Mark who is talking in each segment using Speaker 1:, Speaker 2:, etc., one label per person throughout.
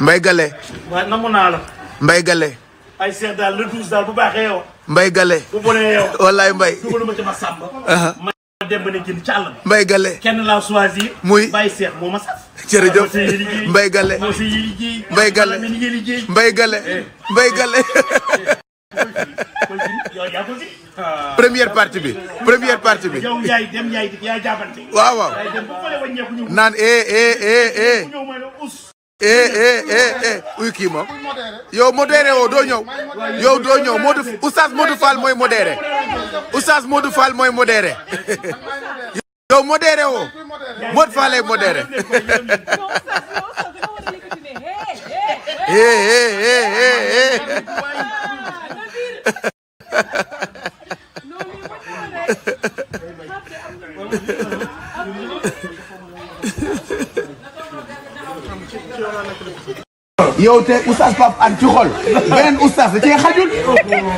Speaker 1: Mbaye Gale. waaw namu naa la. Mbaye Gale. ay seex daal le douze daal bu baaxee yow. Mbaye Gale. bu bonee ma ba ne Gale. kenn laa choisir. muy Seex moo ma sax. jërëjëf Mbaye Gale. moo si yi Gale. Mbaye Gale. Mbaye Gale. Eh. Eh. première parti bi première partie bi. yow yaay dem yaay dik yaay jàppante. waaw waaw naan eh eh, eh, eh. eh kii moom yow modéré woo doo ñëw yow doo ñëw Modou Oustaz Modou Fall mooy modere Oustaz Modou Fall mooy modéré yow modéré woo Modou Fall lay modéré. yow te oustaz Pape Hann ci xol beneen oustaz da cee xajul.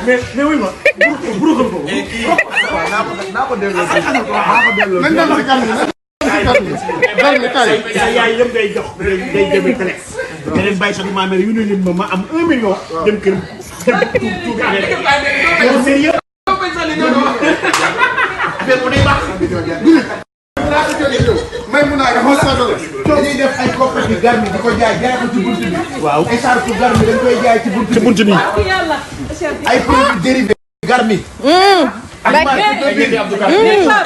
Speaker 1: mais mais wuy ma. buruxal ko. naa ko delloo si naa ko delloo si. nañ dem si kàddu gi sa yaay yëpp day jox day jëmee télé. te leen bàyyi sax maa mel yu ne ma ma am un million. dem kër dem tuuti tuuti affaire yi. affaire bu day baax. di ko jaay jaay ko bi. waaw ay sarku garmi dañ koy jaay ci bunt bi. ci bunt bi ay produits dérivés garmi. ak maanaam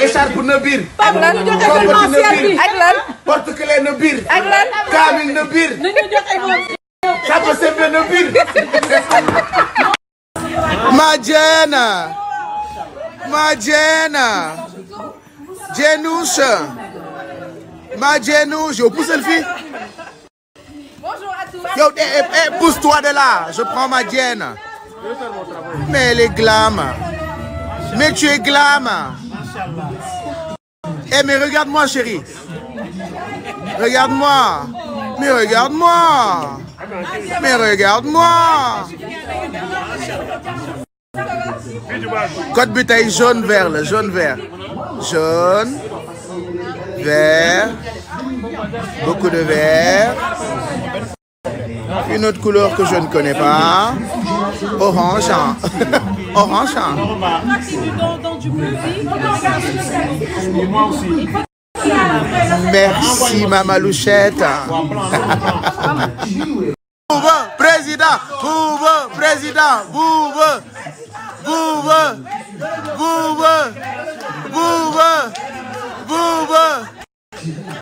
Speaker 1: écharpe na biir. ak lan ak lan. lan kaamil na ma jeena Madiana Dienouche Madienouche yow poussel fii yow eh pousse-toi de là je prends Madienne mais elle est mais tu es glam eh mais regarde-moi chérie regarde-moi mais regarde-moi mais regarde-moi code bi tey jaune vert la jaune vert jaune vert beaucoup de vert une autre couleur que je ne connais pas orange orange
Speaker 2: merci Mama
Speaker 1: Louchette président président Cuba!